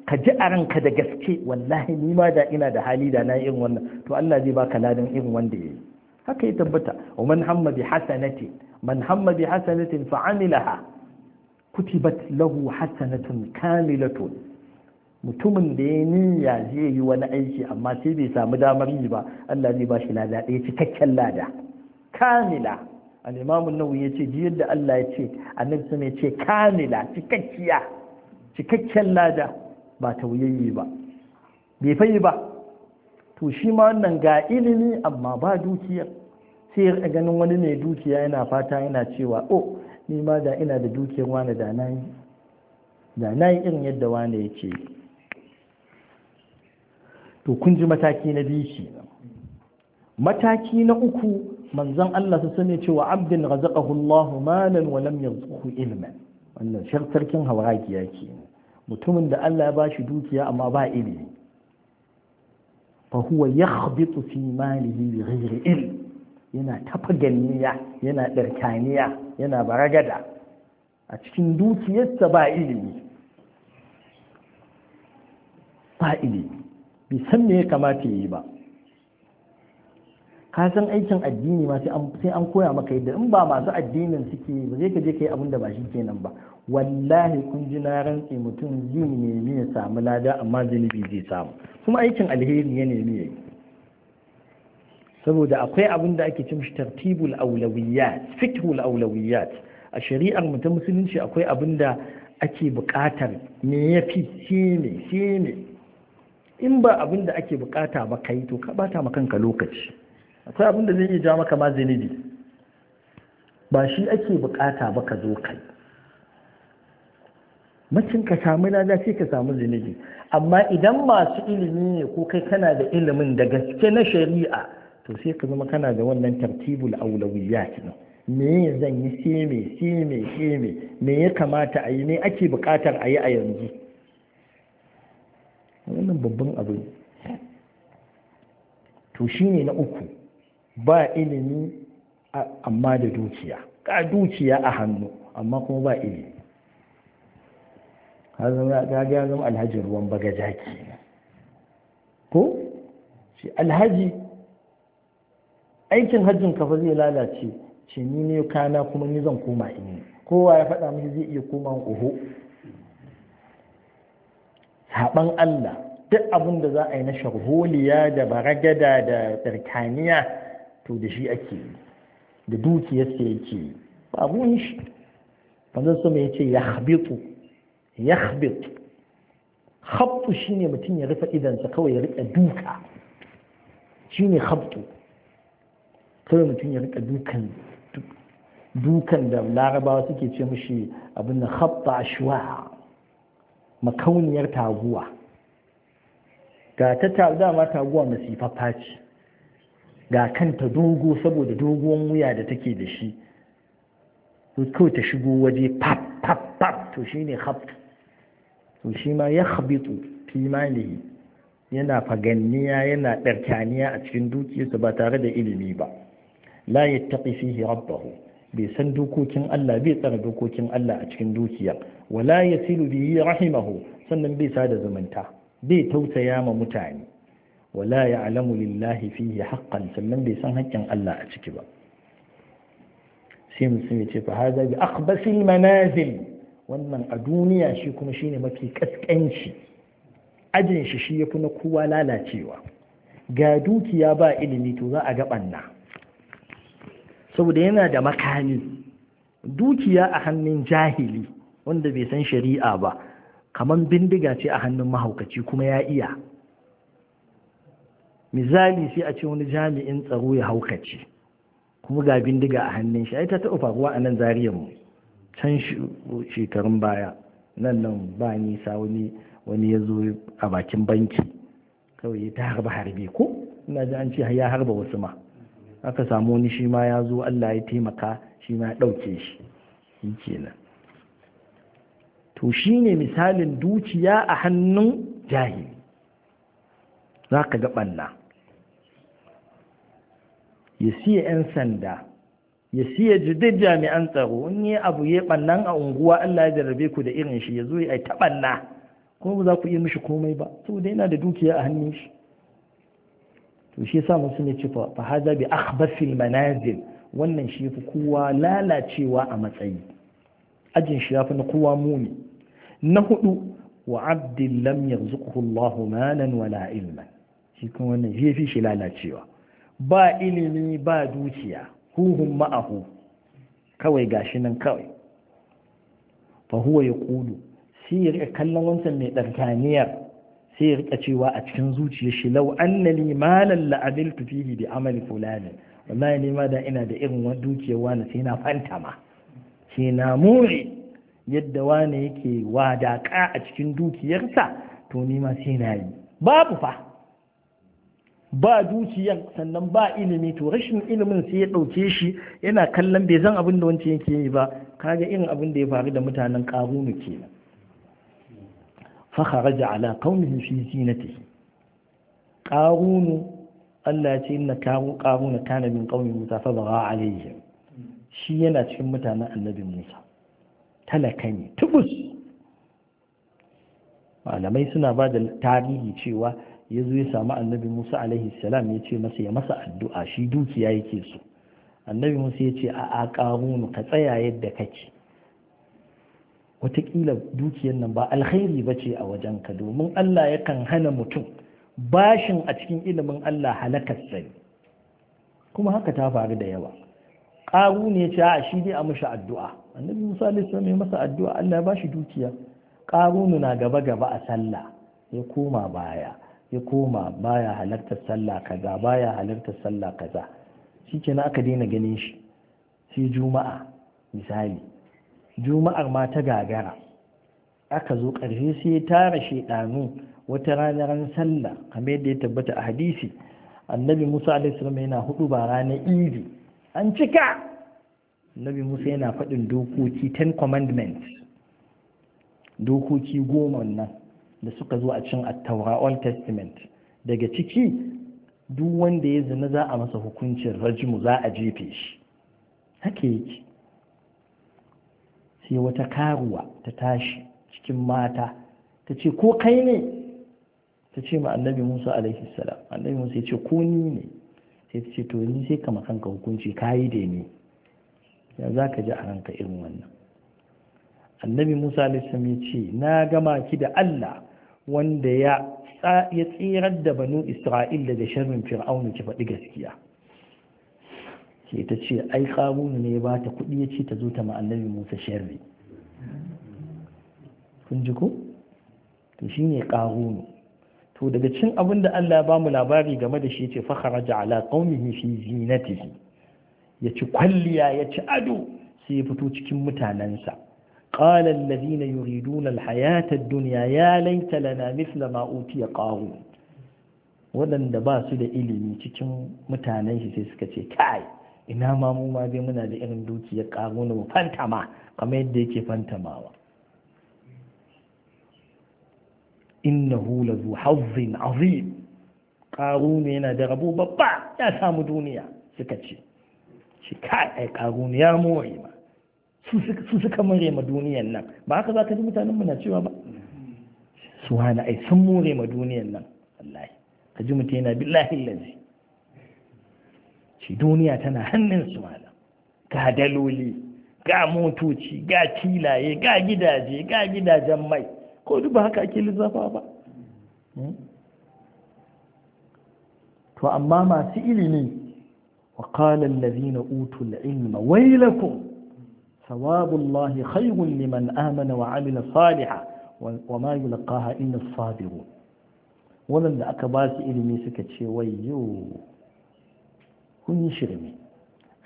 ka ji a ranka da gaske wallahi ni ma da ina da hali da na irin wannan to Allah zai baka ladan irin wanda yayi haka ya tabbata wa man hamma bi hasanati man hamma bi hasanatin fa amilaha kutibat lahu hasanatun kamilatun mutumin da ya niyya zai yi wani aiki amma sai bai samu damar yi ba Allah zai ba shi lada ɗaya cikakken lada kamila al-imam an-nawawi yace ji yadda Allah ya ce annabi sun yace kamila cikakkiya cikakken lada ba tauyayye ba bai fayi ba to shi ma wannan ga ilimi amma ba dukiyar sai ya ganin wani mai dukiya yana fata yana cewa oh ni ma da ina da dukiyar wani da na yi da na yi irin yadda wani yake to kun ji mataki na biyu shi mataki na uku manzon Allah su sani cewa abdin razaqahu Allah malan wa lam yarzuqhu ilman wannan shartarkin hawaki yake mutumin da Allah ya bashi dukiya amma ba ilimi fa huwa yakhbitu fi malihi bi ghairi ilm yana tafaganiya yana darkaniya yana baragada a cikin dukiyarsa ba ilimi ba ilimi bai san me ya kamata ya yi ba ka san aikin addini ma sai an koya maka yadda in ba masu addinin suke ba zai ka je ka yi abin da ba shi kenan ba wallahi kun ji na rantse mutum zai nemi ya samu lada amma zunubi zai samu kuma aikin alheri ya nemi ya yi saboda akwai abin da ake cin shi tartibul aulawiyat fitul aulawiyat a shari'ar mutum ta musulunci akwai abin da ake buƙatar me yafi shi ne shi ne in ba abin da ake bukata ba kai to ka bata kanka lokaci akwai abin da zai iya ja maka ma zinibi ba shi ake bukata ba ka zo kai macin ka samu lada sai ka samu zinibi amma idan masu ilimi ne ko kai kana da ilimin da gaske na shari'a to sai ka zama kana da wannan tartibul aulawiyya kenan me zan yi sai me sai me sai me me ya kamata a yi ne? ake bukatar a yi a yanzu wannan babban abu ne to ne na uku ba ilimi amma da dukiya ka dukiya a hannu amma kuma ba ilimi ga ya zama alhaji ruwan bagaja ke ko shi alhaji aikin hajjin kafa zai lalace ce ni ne kana kuma ni zan koma ini kowa ya faɗa mashi zai iya koma oho. haɓan Allah duk abin da za a yi na sharholiya da baragada da tsarkaniya to da shi ake yi da dukiyarsa yake yi babu shi wanzan sama ya ce ya yahbitu Habtu shi ne mutum ya rufe idansa kawai ya rika duka Shi ne habtu. kawai mutum ya rika dukan dukan da larabawa suke ce mashi abin da khabta shuwa makauniyar taguwa ga ta dama taguwa masifaffa ce ga kanta dogo saboda doguwan wuya da take da shi ko ta shigo waje pap pap pap to shi ne to shi ma ya habitu fimalihi yana faganniya yana ɗarkaniya a cikin dukiyarsa ba tare da ilimi ba la yattaqi fihi rabbahu bai san dokokin Allah bai tsara dokokin Allah a cikin dukiya wala yasilu bihi rahimahu sannan bai sada zumunta bai tausaya ma mutane wala ya'lamu lillahi fihi haqqan sannan bai san haƙƙin Allah a ciki ba sai mutum ya ce fa hada bi akhbasil manazil wannan a duniya shi kuma shine mafi kaskanci ajin shi shi yafi na kowa lalacewa ga dukiya ba ilimi to za a ga banna saboda yana da makami dukiya a hannun jahili wanda bai san shari'a ba kamar bindiga ce a hannun mahaukaci kuma ya iya misali sai a ce wani jami'in tsaro ya haukace kuma ga bindiga a hannun shi ai ta taɓa faruwa a nan Zariya mu can shekarun baya nan nan ba nisa wani wani ya zo a bakin banki kawai ya ta harba harbe ko ina ji an ce ya harba wasu ma aka samu wani shi ma ya zo Allah ya taimaka shi ma ya ɗauke shi kenan to shi ne misalin dukiya a hannun jahili za ka ga ɓanna ya siya 'yan sanda ya siya jidid jami'an tsaro in yi abu ya ɓannan a unguwa Allah ya jarrabe ku da irin shi ya zo ya ta ɓanna kuma ba za ku iya mishi komai ba saboda yana da dukiya a hannun shi to shi yasa musu ne ce fa hada bi akhbasil manazil wannan shi fi kowa lalacewa a matsayi ajin shi ya fi na kowa muni na hudu wa abdin lam yarzuquhu Allah malan wala ilman shi kuma wannan shi fi shi lalacewa ba ilimi ba dukiya huhun ma'ahu kawai gashi nan kawai fa huwa yaqulu shi ya kallon wancan mai darkaniyar sai ya rika cewa a cikin zuciyar shi lau an na limanin amiltu tufihi da amali fulani wallahi ne ma da ina da irin wani dukiyar wani sai na fanta ma. sai na more yadda wani yake wadaka a cikin dukiyarsa to ni ma sai na yi babu fa ba dukiyar sannan ba ilimi to rashin ilimin sai ya ɗauke shi yana kallon bai zan abin da wancan yake yi ba kaga irin abin da ya faru da mutanen ƙarunu kenan فخرج على قومه في زينته قارون Allah ce inna karuna kana min qaumin Musa fa baga alayhi shi yana cikin mutanen annabi Musa talaka ne tubus malamai suna ba da tarihi cewa yazo ya samu annabi Musa alaihi salam ya ce masa ya masa addu'a shi dukiya yake so annabi Musa ya ce a a karunu ka tsaya yadda kake Wataƙila dukiyar nan ba alkhairi ba ce a ka domin Allah yakan hana mutum bashin a cikin ilimin Allah halakar sai kuma haka ta faru da yawa ƙaru ne ce a shi dai a mashi addu'a annabi musa alaihi mai masa addu'a Allah ya bashi dukiya ƙarunu na gaba gaba a sallah ya koma baya ya koma baya halartar sallah kaza baya halartar sallah kaza shikenan aka daina ganin shi sai juma'a misali juma'ar ma ta gagara aka zo ƙarshe sai tara shaidanu wata ranar sallah kamar yadda ya tabbata a hadisi annabi musa alaihissalam yana hudu ba ranar idi an cika annabi musa yana faɗin dokoki ten commandments dokoki goma nan da suka zo a cin attaura old testament daga ciki duk wanda ya zina za a masa hukuncin rajimu za a jefe shi haka yake sai wata karuwa ta tashi cikin mata ta ce ko kai ne ta ce ma annabi musa alaihi salam annabi musa ya ce ko ni ne sai ta ce to ni sai kama kanka hukunci yi da ni ya za ka ji a ranka irin wannan annabi musa alaihi salam ya ce na gama ki da allah wanda ya tsirar da banu isra'il daga sharrin fir'aunin ki faɗi gaskiya sai ta ce ai ƙarunu ne ba ta kuɗi ya ce ta zo ta ma'annabi musa sharri kun ji ko to shi ne ne. to daga cin abin da Allah ya bamu labari game da shi ce fakharaja ala qaumihi fi zinatihi ya ci kwalliya ya ci ado sai ya fito cikin mutanensa قال الذين يريدون hayatar duniya ya ليت lana مثل ما ya ƙaru. waɗanda ba su da ilimi cikin mutanen shi sai suka ce kai ina ma mu ma dai muna da irin dukiyar karuna mu fantama kamar yadda yake fantamawa innahu la zu hazzin azim ne yana da rabo babba ya samu duniya suka ce shi kai ai ne ya more ma su suka more ma duniyan nan ba haka za ka ji mutanen mu na cewa ba su hana ai sun more ma duniyan nan wallahi ka ji mutum yana billahi lazi shi duniya tana hannunsu malam ga daloli ga motoci ga kilaye ga gidaje ga gidajen mai ko duk haka ake lissafa ba hmm? to amma masu ilimi wa qalan ladina utul ilma waylakum sawabul lahi khayrun liman amana wa amila salihan wa ma yulqaha illa as-sabirun wannan da aka basu ilimi suka ce wai wayyo kun yi shirme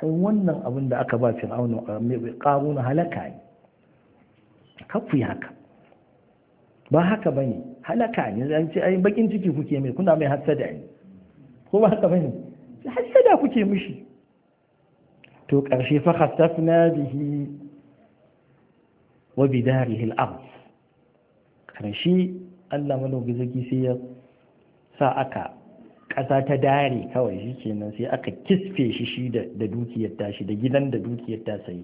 ai wannan abin da aka ba fir'auna ƙaruna halaka ne kafu haka ba haka ba ne halaka ne an ce ai bakin ciki kuke mai kuna mai hassada ne ko ba haka ba ne hassada kuke mishi to ƙarshe fa khasafna bihi wa bidarihi al-ard ƙarshe Allah malauki zaki sai ya sa aka ƙasa ta dare kawai shi kenan sai aka kisfe shi shi da dukiyar tashi da gidan da dukiyar ta sayi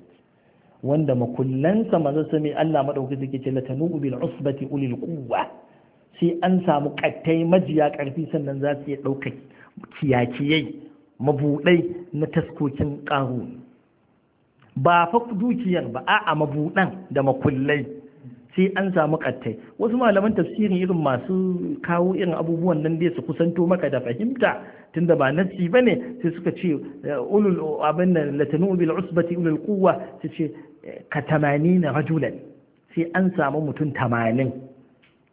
wanda makullansa maza sami Allah maɗauki suke ce la tanu bil usbati ulil quwwa sai an samu kattai majiya ƙarfi sannan za su iya ɗauka kiyakiyai mabuɗai na taskokin ƙaru ba fa dukiyar ba a'a mabuɗan da makullai sai an samu kattai wasu malaman tafsirin irin masu kawo irin abubuwan nan dai su kusanto maka da fahimta tunda ba nassi bane sai suka ce eh, ulul abin nan latanu bil usbati ulul quwwa sai ce ka 80 rajulan sai an samu mutum tamanin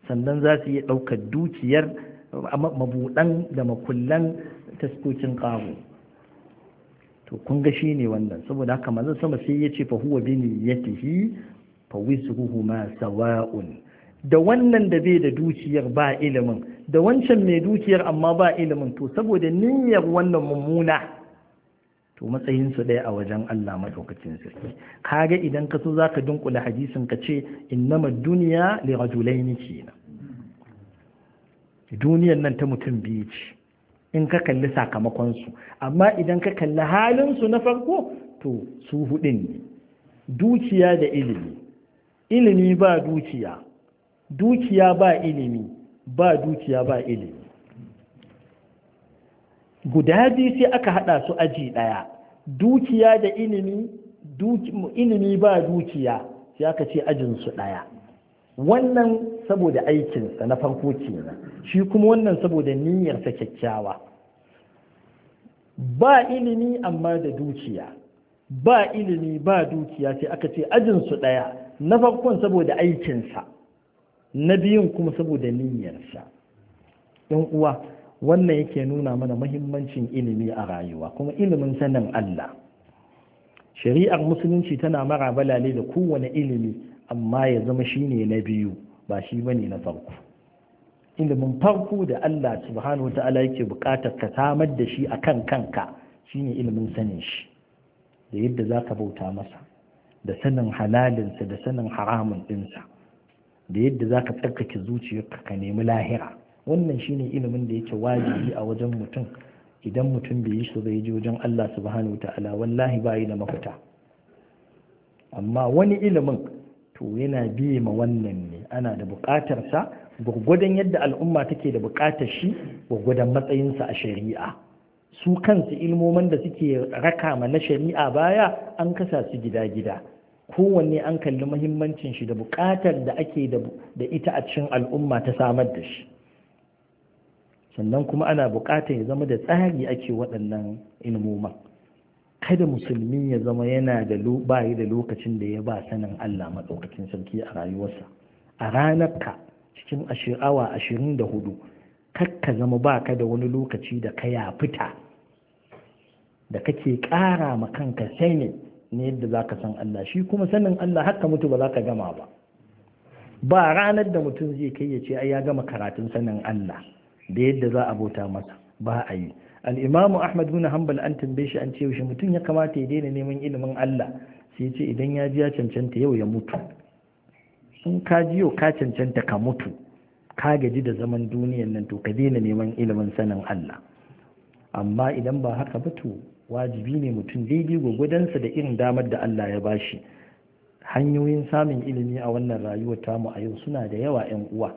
sannan za su yi daukar dukiyar eh, mabudan da makullan taskokin kawo to kun ga shine wannan saboda haka manzon sama sai ya ce fa huwa bi niyyatihi fa wisruhuma sawa'un da wannan da bai da dukiyar ba ilimin da wancan mai dukiyar amma ba ilimin to saboda niyyar wannan mummuna to matsayinsu ɗaya a wajen Allah madaukakin sarki kaga idan ka so zaka dunkula hadisin ka ce innamad duniya li rajulaini kenan duniyar nan ta mutum biyu ce in ka kalli sakamakon su amma idan ka kalli halin su na farko to su hudin ne dukiya da ilimi ilimi ba dukiya dukiya ba ilimi ba dukiya ba ilimi guda biyu sai aka hada su aji daya dukiya da ilimi ilimi ba dukiya sai aka ce ajin su daya wannan saboda aikinsa na farko kenan shi kuma wannan saboda niyyarsa kyakkyawa ba ilimi amma da dukiya ba ilimi ba dukiya sai aka ce ajin su daya na farkon saboda aikinsa na biyun kuma saboda niyyarsa yan uwa wannan yake nuna mana mahimmancin ilimi a rayuwa kuma ilimin sanin Allah shari'ar musulunci tana mara balale da kowane ilimi amma ya zama shi ne na biyu ba shi ba ne na farko ilimin farko da Allah subhanahu wa ta'ala yake bukatar ka samar da shi a kan kanka shine ilimin sanin shi da yadda za ka bauta masa da sanin halalinsa da sanin haramun ɗinsa da yadda za ka tsarkake zuciyarka ka nemi lahira wannan shine ilimin da yake wajibi a wajen mutum idan mutum bai yi shi zai ji wajen Allah subhanahu wa ta'ala wallahi bai da mafita amma wani ilimin to yana biye ma wannan ne ana da buƙatar sa gwargwadon yadda al'umma take da buƙatar shi gwargwadon matsayinsa a shari'a su kansu ilmomin da suke raka ma na shari'a baya an kasa su gida-gida kowanne an kalli mahimmancin shi da buƙatar da ake da ita a cikin al'umma ta samar da shi sannan kuma ana buƙatar ya zama da tsari ake waɗannan ilmomin kada musulmi ya zama yana da bayi da lokacin da ya ba sanin Allah maɗaukakin sarki a rayuwarsa a ranar ka cikin awa ashirin da hudu kakka zama baka da wani lokaci da ka ya fita da kake ƙara ma kanka sani ne yadda za ka san Allah shi kuma sanin Allah haka mutu ba za ka gama ba ba ranar da mutum zai kai ya ce ai ya gama karatun sanin Allah da yadda za a bauta masa ba a yi al'imamu ahmad bin hanbal an tambaye shi an ce yaushe mutum ya kamata ya daina neman ilimin Allah sai ce idan ya ji ya cancanta yau ya mutu in ka ji yau ka cancanta ka mutu ka gaji da zaman duniyan nan to ka daina neman ilimin sanin Allah amma idan ba haka ba to wajibi ne mutum daidai gwagwadansa da irin damar da Allah ya bashi hanyoyin samun ilimi a wannan rayuwar mu a yau suna da yawa 'yan uwa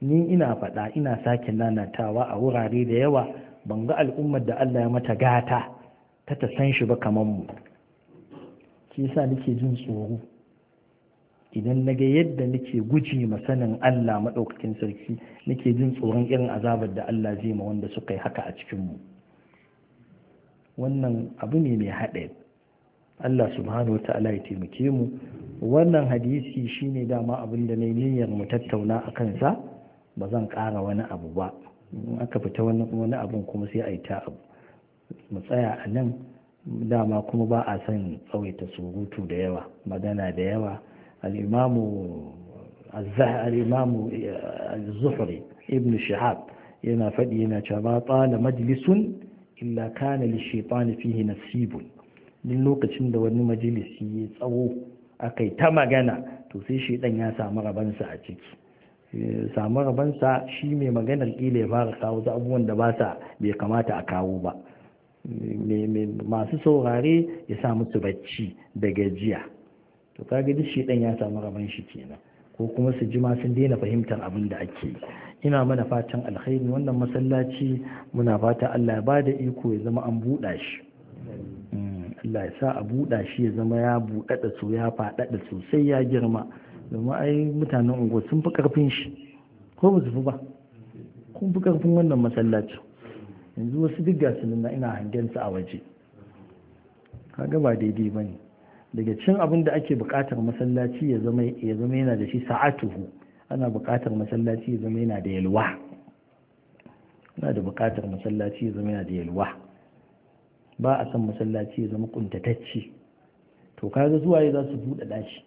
ni ina faɗa ina sake nanatawa a wurare da yawa ban ga al'ummar da Allah ya mata gata ta ta san shi ba kamar mu shi yasa nake jin tsoro idan na ga yadda nake guji sanin Allah maɗaukakin sarki nake jin tsoron irin azabar da Allah zai ma wanda suka yi haka a cikin mu. wannan abu ne mai haɗe Allah subhanahu wa ta'ala ya taimake mu wannan hadisi shine dama abin da na niyyar mu tattauna a kansa ba zan ƙara wani abu ba in aka fita wani abun kuma sai a yi ta abu mu tsaya a nan dama kuma ba a son tsawaita surutu da yawa magana da yawa al'imamu al'imamu eh, zuhri ibn shihab yana faɗi yana cewa ba tsala majlisun illa kana li shaitani fihi nasibun duk lokacin da wani majalisi ya tsawo akai ta magana to sai shaitan ya samu rabansa a ciki eh, samu rabansa shi mai maganar kila ya fara kawo wasu abubuwan da ba sa bai kamata a kawo ba masu saurare ya sa musu bacci da gajiya to kaga duk shi ya samu raban shi kenan ko kuma su ji ma sun daina fahimtar abin da ake ina mana fatan alkhairi wannan masallaci muna fata Allah ya bada iko ya zama an buɗa shi mm, Allah ya sa a buɗa shi ya zama ya buɗaɗa so ya faɗaɗa sosai ya girma domin ai mutanen unguwa sun fi ƙarfin shi ko ba su fi ba kun fi ƙarfin wannan masallaci. yanzu wasu duk su nuna ina hangen su a waje kaga ba daidai bane daga cin abin da ake buƙatar masallaci ya zama ya zama yana da shi sa'atuhu ana buƙatar masallaci ya zama yana da yalwa ana da buƙatar masallaci zama yana da yalwa ba a san masallaci ya zama kuntatacce to kaga zuwa za su buɗe dashi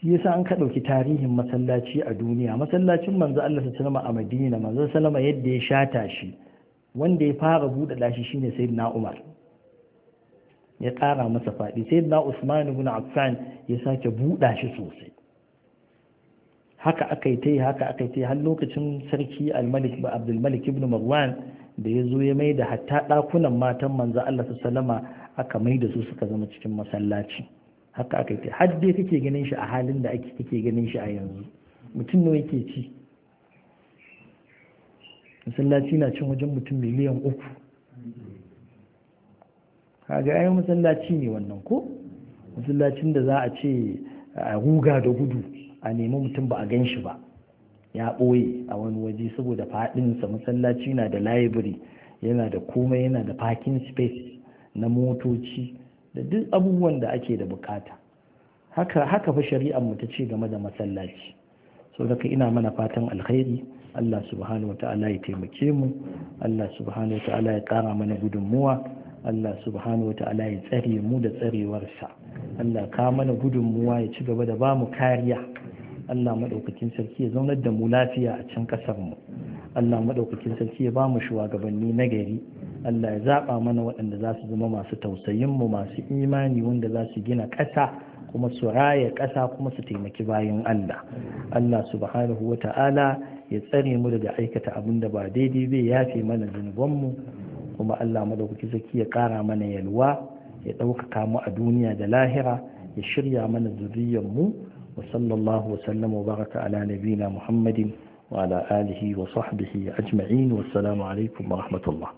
shi yasa an ka ɗauki tarihin masallaci a duniya masallacin manzo Allah sallama a Madina manzo sallama yadda ya sha ta shi wanda ya fara buɗe dashi shine sayyidina Umar ya ƙara masa faɗi sayyidina Usman ibn Affan ya sake buɗa shi sosai haka aka yi ta yi haka aka yi ta yi har lokacin sarki almalik abdulmalik ibn marwan da ya zo ya mai da hatta ɗakunan matan manzo Allah su salama aka mai da su suka zama cikin masallaci haka aka yi ta har dai kake ganin shi a halin da ake kake ganin shi a yanzu mutum ne yake ci masallaci na cin wajen mutum miliyan uku kaga ayi masallaci ne wannan ko masallacin da za a ce a guga da gudu a nemi mutum ba a gan shi ba ya ɓoye a wani waje saboda faɗinsa masallaci na da library yana da komai yana da parking space na motoci da duk abubuwan da ake da bukata haka haka fa shari'ar mu ta ce game da masallaci saboda ina mana fatan alkhairi Allah subhanahu wa ta'ala ya taimake mu Allah subhanahu wa ta'ala ya kara mana gudunmuwa Allah subhanahu wa ta'ala ya tsare mu da tsarewarsa Allah ka mana gudunmuwa ya ci gaba da bamu kariya Allah maɗaukakin sarki ya zaunar da mu lafiya a can ƙasar mu Allah maɗaukakin sarki ya bamu shuwagabanni shugabanni na gari Allah ya zaɓa mana waɗanda za su zama masu tausayin mu masu imani wanda za su gina ƙasa kuma su raya ƙasa kuma su taimaki bayan Allah Allah subhanahu wa ta'ala ya tsare mu daga aikata abin da ba daidai bai yafe mana zunubanmu kuma Allah madaukaki zaki ya kara mana yalwa ya ɗaukaka mu a duniya da lahira ya shirya mana zuriyar mu wa sallallahu wa sallama wa baraka ala nabina muhammadin wa ala alihi wa sahbihi ajma'in wassalamu alaikum wa rahmatullah